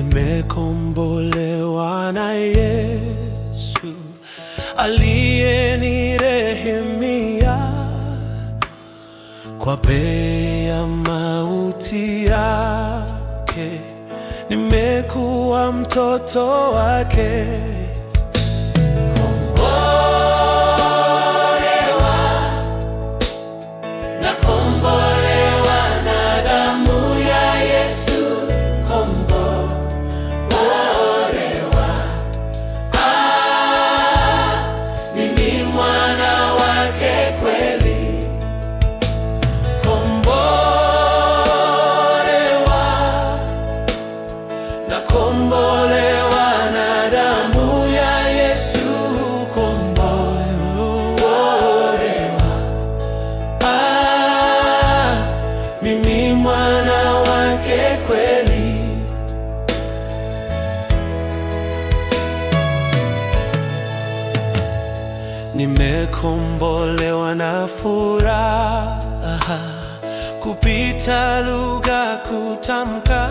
Nimekombolewa na Yesu aliyenirehemia, kwa bei ya mauti yake nimekuwa mtoto wake. Kombolewa na damu ya Yesu, mwana wake kweli. Nimekombolewa na furaha kupita lugha kutamka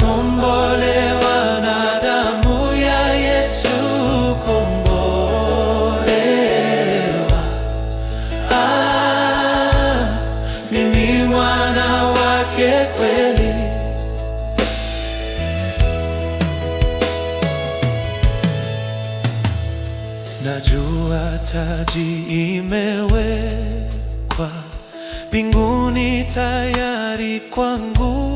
Kombolewa na damu ya Yesu, kombolewa. Ah, mimi wake kweli. Najua taji imewekwa mbinguni tayari kwangu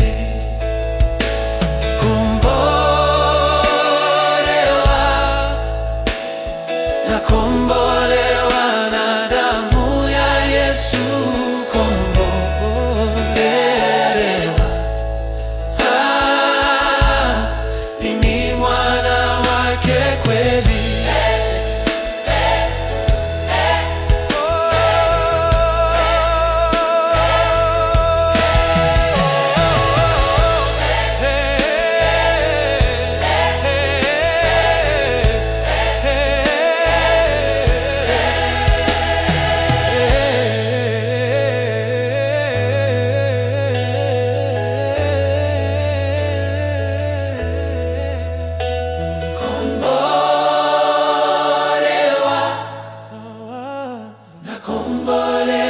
Bomba on.